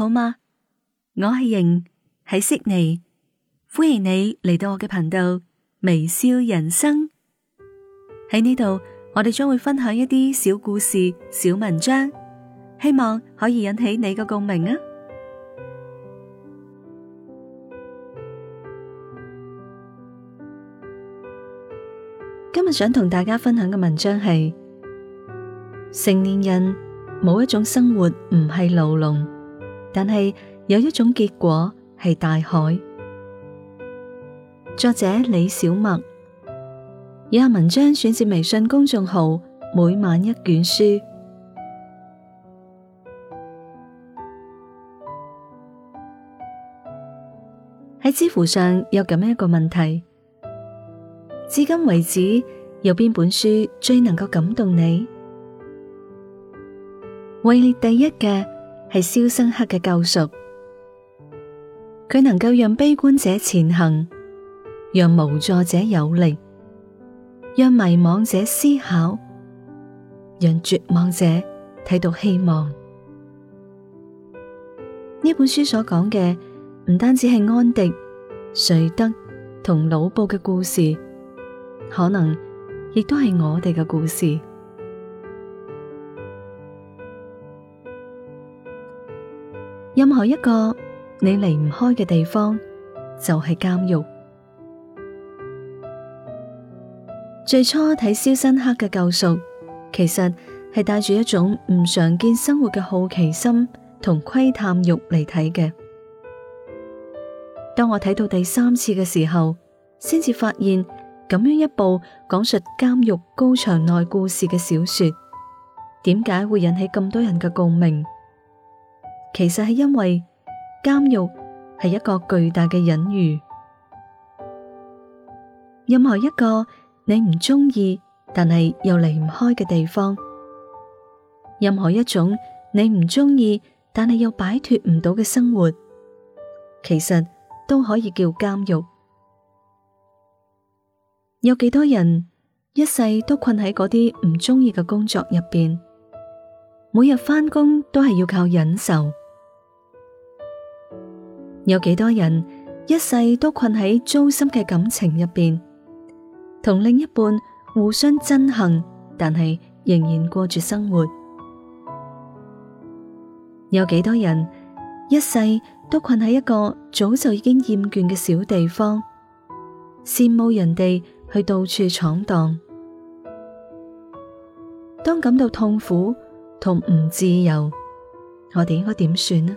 好嗎？我係瑩，喺悉尼，歡迎你嚟到我嘅頻道微笑人生。喺呢度，我哋將會分享一啲小故事、小文章，希望可以引起你嘅共鳴啊！今日想同大家分享嘅文章係：成年人冇一種生活唔係牢籠。但係有一種結果係大海。作者李小墨，以下文章選自微信公眾號每晚一卷書。喺知乎上有咁樣一個問題：至今為止，有邊本書最能夠感動你？位列第一嘅。係肖申克嘅救贖，佢能夠讓悲觀者前行，讓無助者有力，讓迷惘者思考，讓絕望者睇到希望。呢本書所講嘅唔單止係安迪、瑞德同老布嘅故事，可能亦都係我哋嘅故事。任何一個你離唔開嘅地方，就係監獄。最初睇肖申克嘅救贖，其實係帶住一種唔常見生活嘅好奇心同窺探欲嚟睇嘅。當我睇到第三次嘅時候，先至發現咁樣一部講述監獄高牆內故事嘅小說，點解會引起咁多人嘅共鳴？其實係因為監獄係一個巨大嘅隱喻，任何一個你唔中意但係又離唔開嘅地方，任何一種你唔中意但係又擺脫唔到嘅生活，其實都可以叫監獄。有幾多人一世都困喺嗰啲唔中意嘅工作入邊，每日翻工，都係要靠忍受。有幾多人一世都困喺糟心嘅感情入邊，同另一半互相憎恨，但係仍然過住生活。有幾多人一世都困喺一個早就已經厭倦嘅小地方，羨慕人哋去到處闖蕩。當感到痛苦同唔自由，我哋應該點算呢？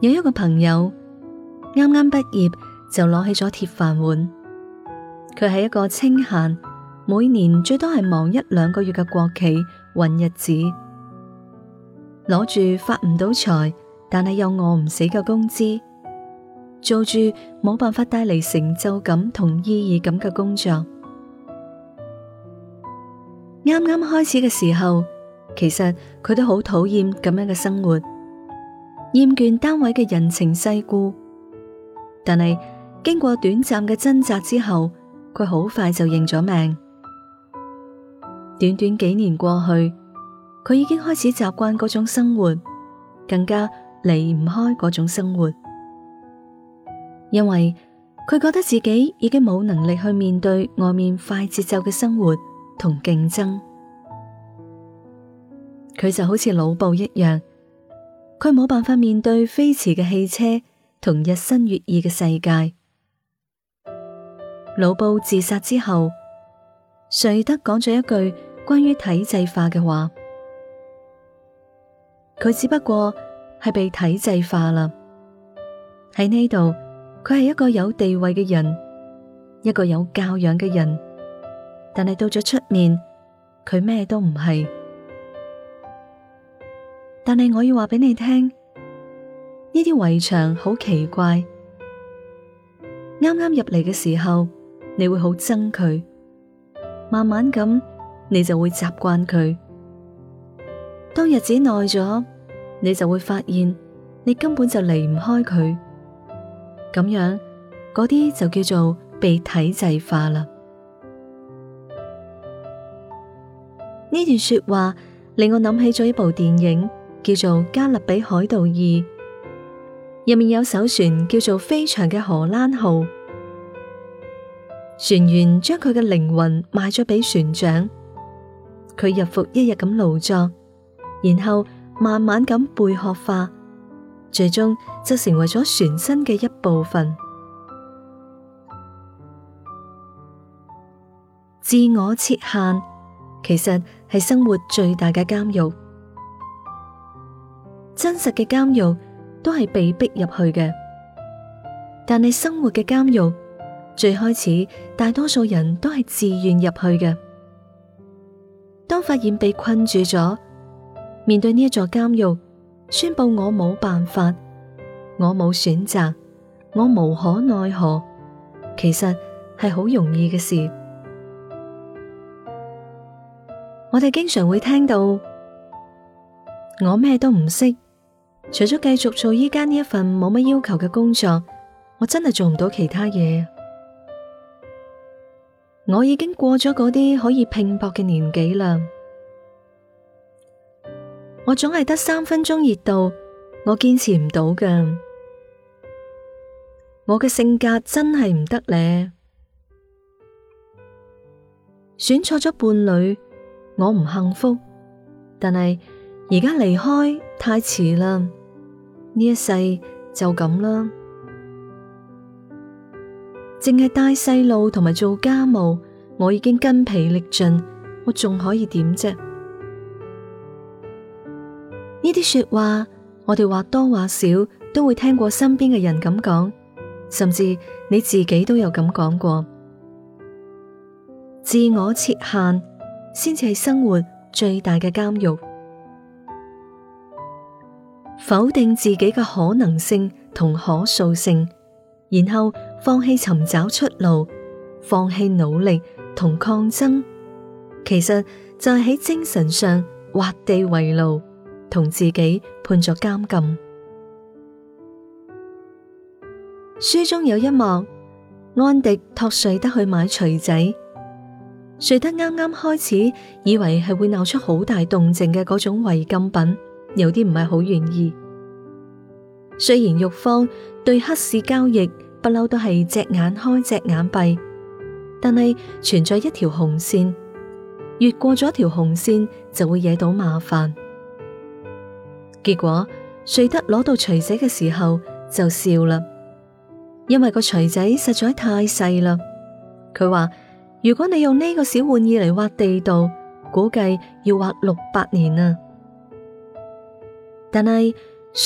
有一個朋友啱啱畢業就攞起咗鐵飯碗，佢係一個清閒，每年最多係忙一兩個月嘅國企混日子，攞住發唔到財，但係又餓唔死嘅工資，做住冇辦法帶嚟成就感同意義感嘅工作。啱啱開始嘅時候，其實佢都好討厭咁樣嘅生活。厭倦單位嘅人情世故，但係經過短暫嘅掙扎之後，佢好快就認咗命。短短幾年過去，佢已經開始習慣嗰種生活，更加離唔開嗰種生活。因為佢覺得自己已經冇能力去面對外面快節奏嘅生活同競爭，佢就好似老布一樣。佢冇辦法面對飛馳嘅汽車同日新月異嘅世界。老布自殺之後，瑞德講咗一句關於體制化嘅話：佢只不過係被體制化啦。喺呢度，佢係一個有地位嘅人，一個有教養嘅人，但係到咗出面，佢咩都唔係。但係我要話俾你聽，呢啲圍牆好奇怪。啱啱入嚟嘅時候，你會好憎佢；慢慢咁，你就會習慣佢。當日子耐咗，你就會發現，你根本就離唔開佢。咁樣嗰啲就叫做被體制化啦。呢 段說話令我諗起咗一部電影。叫做《加勒比海盜二》，入面有艘船叫做《飛翔嘅荷蘭號》，船員將佢嘅靈魂賣咗俾船長，佢日復一日咁勞作，然後慢慢咁貝殼化，最終就成為咗船身嘅一部分。自我設限其實係生活最大嘅監獄。真實嘅監獄都係被逼入去嘅，但係生活嘅監獄，最開始大多數人都係自願入去嘅。當發現被困住咗，面對呢一座監獄，宣布我冇辦法，我冇選擇，我無可奈何，其實係好容易嘅事。我哋經常會聽到，我咩都唔識。除咗繼續做依家呢一份冇乜要求嘅工作，我真係做唔到其他嘢。我已經過咗嗰啲可以拼搏嘅年紀啦，我總係得三分鐘熱度，我堅持唔到㗎。我嘅性格真係唔得咧，選錯咗伴侶，我唔幸福。但係而家離開。太遲啦！呢一世就咁啦，淨係帶細路同埋做家務，我已經筋疲力盡，我仲可以點啫？呢啲說話，我哋或多或少都會聽過身邊嘅人咁講，甚至你自己都有咁講過。自我設限，先至係生活最大嘅監獄。否定自己嘅可能性同可塑性，然後放棄尋找出路，放棄努力同抗爭，其實就係喺精神上畫地為牢，同自己判咗監禁。 書中有一幕，安迪託瑞德去買錘仔，瑞德啱啱開始，以為係會鬧出好大動靜嘅嗰種違禁品。有啲唔係好願意，雖然獄方對黑市交易不嬲都係隻眼開隻眼閉，但係存在一條紅線，越過咗條紅線就會惹到麻煩。結果瑞德攞到錘仔嘅時候就笑啦，因為個錘仔實在太細啦。佢話：如果你用呢個小玩意嚟挖地道，估計要挖六百年啊！但係，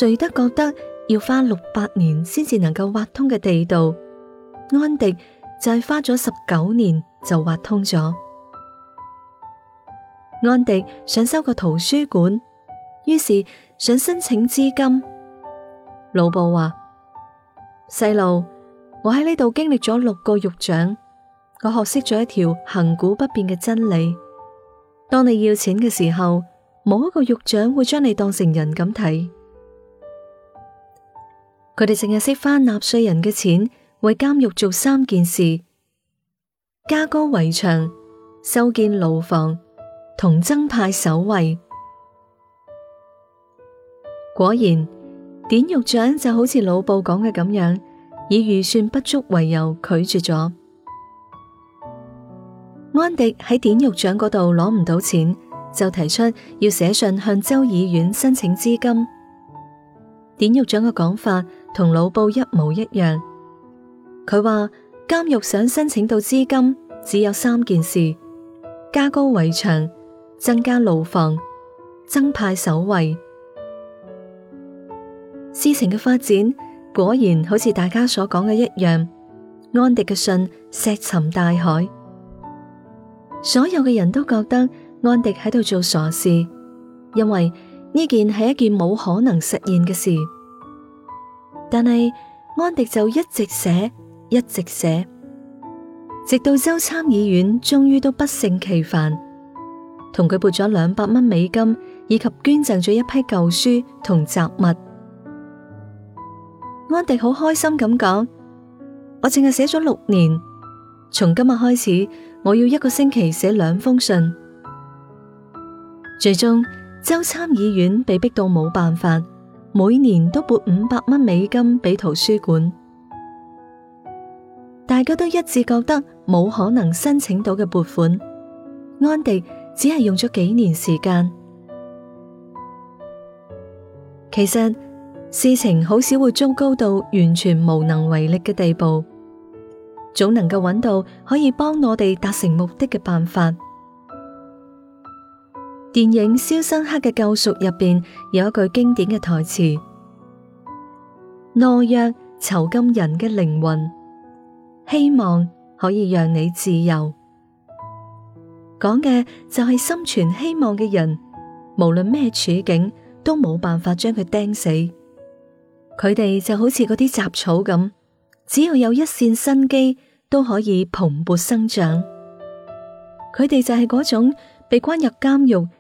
瑞德覺得要花六百年先至能夠挖通嘅地道？安迪就係花咗十九年就挖通咗。安迪想修個圖書館，於是想申請資金。老布話：細路， 我喺呢度經歷咗六個獄長，我學識咗一條亘古不變嘅真理，當你要錢嘅時候。冇一個獄長會將你當成人咁睇，佢哋淨係識花納稅人嘅錢，為監獄做三件事：加高圍牆、修建牢房、同增派守衛。果然，典獄長就好似老布講嘅咁樣，以預算不足為由拒絕咗。安迪喺典獄長嗰度攞唔到錢。就提出要寫信向州議院申請資金。典獄長嘅講法同老布一模一樣。佢話監獄想申請到資金，只有三件事：加高圍牆、增加牢房、增派守衛。事情嘅發展果然好似大家所講嘅一樣，安迪嘅信石沉大海。所有嘅人都覺得。安迪喺度做傻事，因為呢件係一件冇可能實現嘅事。但係安迪就一直寫，一直寫，直到州參議院終於都不勝其煩，同佢撥咗兩百蚊美金，以及捐贈咗一批舊書同雜物。安迪好開心咁講：我淨係寫咗六年，從今日開始，我要一個星期寫兩封信。最終，州參議院被逼到冇辦法，每年都撥五百蚊美金俾圖書館，大家都一致覺得冇可能申請到嘅撥款。安迪只係用咗幾年時間。其實事情好少會糟糕到完全無能為力嘅地步，總能夠揾到可以幫我哋達成目的嘅辦法。電影《肖申克嘅救贖》入邊有一句經典嘅台詞：懦弱囚禁人嘅靈魂，希望可以讓你自由。講嘅就係心存希望嘅人，無論咩處境都冇辦法將佢釘死。佢哋就好似嗰啲雜草咁，只要有一線生機，都可以蓬勃生長。佢哋就係嗰種被關入監獄。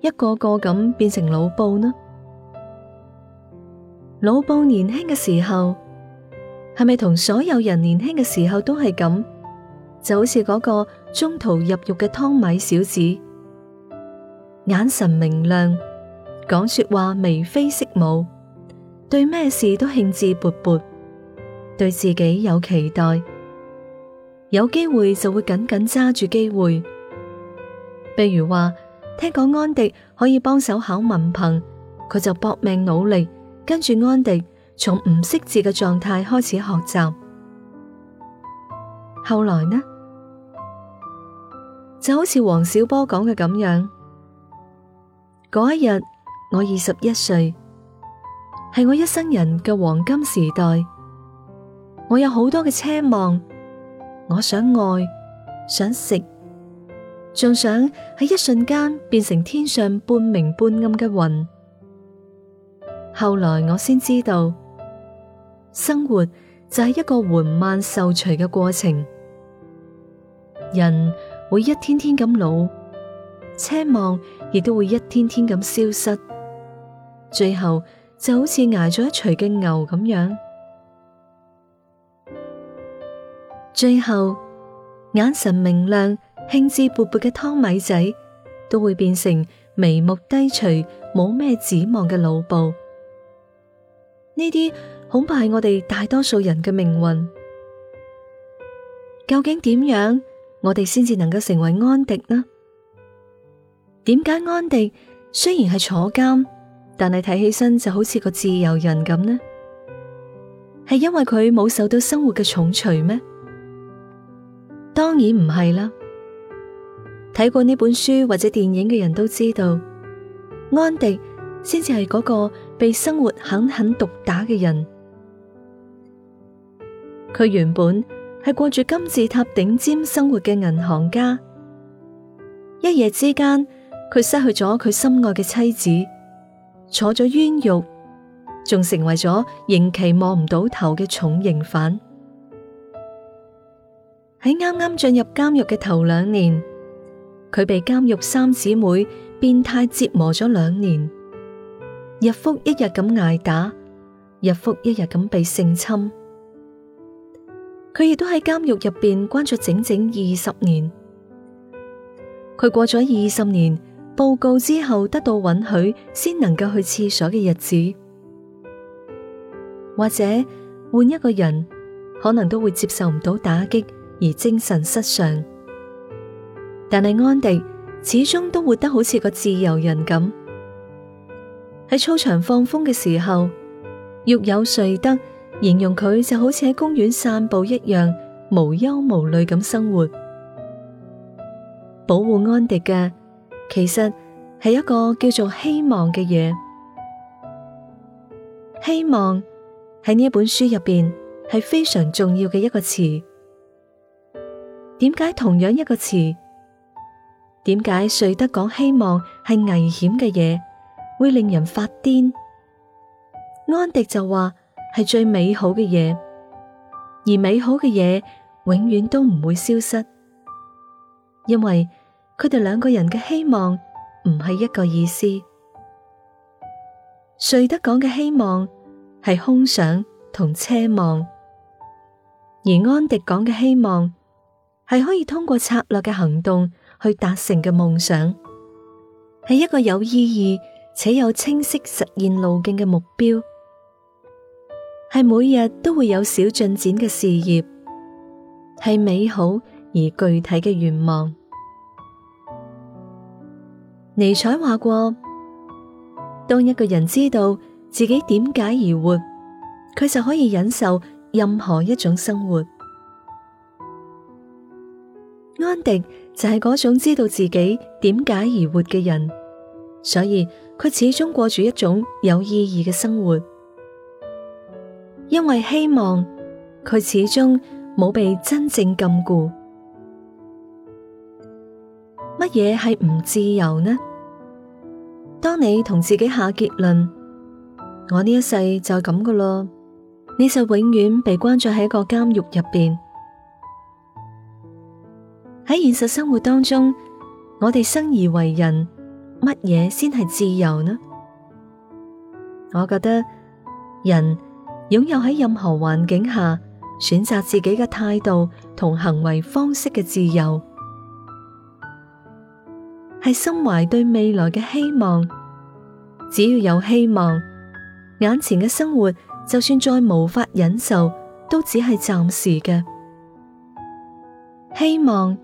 一個個咁變成老布呢？老布年輕嘅時候，係咪同所有人年輕嘅時候都係咁？就好似嗰個中途入獄嘅湯米小子，眼神明亮，講說話眉飛色舞，對咩事都興致勃勃，對自己有期待，有機會就會緊緊揸住機會。譬如話。聽講安迪可以幫手考文憑，佢就搏命努力，跟住安迪從唔識字嘅狀態開始學習。後來呢，就好似王小波講嘅咁樣，嗰一日我二十一歲，係我一生人嘅黃金時代，我有好多嘅奢望，我想愛，想食。仲想喺一瞬間變成天上半明半暗嘅雲，後來我先知道，生活就係一個緩慢受錘嘅過程。人會一天天咁老，奢望亦都會一天天咁消失，最後就好似挨咗一錘嘅牛咁樣，最後眼神明亮。興致勃勃嘅湯米仔都會變成眉目低垂、冇咩指望嘅老布，呢啲恐怕係我哋大多數人嘅命運。究竟點樣我哋先至能夠成為安迪呢？點解安迪雖然係坐監，但係睇起身就好似個自由人咁呢？係因為佢冇受到生活嘅重錘咩？當然唔係啦。睇過呢本書或者電影嘅人都知道，安迪先至係嗰個被生活狠狠毒打嘅人。佢原本係過住金字塔頂尖生活嘅銀行家，一夜之間，佢失去咗佢心愛嘅妻子，坐咗冤獄，仲成為咗刑期望唔到頭嘅重刑犯。喺啱啱進入監獄嘅頭兩年。佢被監獄三姊妹變態折磨咗兩年，日復一日咁挨打，日復一日咁被性侵。佢亦都喺監獄入面關咗整整二十年。佢過咗二十年報告之後得到允許，先能夠去廁所嘅日子。或者換一個人，可能都會接受唔到打擊而精神失常。但係安迪始終都活得好似個自由人咁，喺操場放風嘅時候，獄友瑞德形容佢就好似喺公園散步一樣無憂無慮咁生活。保護安迪嘅其實係一個叫做希望嘅嘢，希望喺呢一本書入邊係非常重要嘅一個詞。點解同樣一個詞？點解瑞德講希望係危險嘅嘢，會令人發癲？安迪就話係最美好嘅嘢，而美好嘅嘢永遠都唔會消失，因為佢哋兩個人嘅希望唔係一個意思。瑞德講嘅希望係空想同奢望，而安迪講嘅希望係可以通過策略嘅行動去達成嘅夢想係一個有意義且有清晰實現路徑嘅目標，係每日都會有小進展嘅事業，係美好而具體嘅願望。尼采話過：當一個人知道自己點解而活，佢就可以忍受任何一種生活。安迪就係嗰種知道自己點解而活嘅人，所以佢始終過住一種有意義嘅生活。因為希望，佢始終冇被真正禁錮。乜嘢係唔自由呢？當你同自己下結論，我呢一世就咁噶咯，你就永遠被關咗喺一個監獄入邊。喺現實生活當中，我哋生而為人，乜嘢先係自由呢？我覺得人擁有喺任何環境下選擇自己嘅態度同行為方式嘅自由，係心懷對未來嘅希望。只要有希望，眼前嘅生活就算再無法忍受，都只係暫時嘅希望。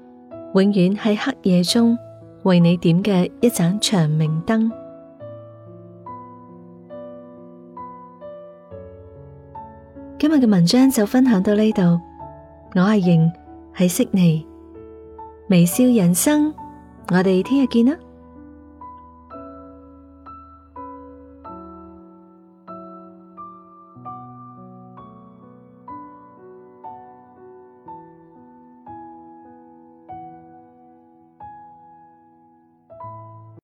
永遠喺黑夜中為你點嘅一盞長明燈。今日嘅文章就分享到呢度，我係瑩，係悉尼微笑人生，我哋聽日見啦。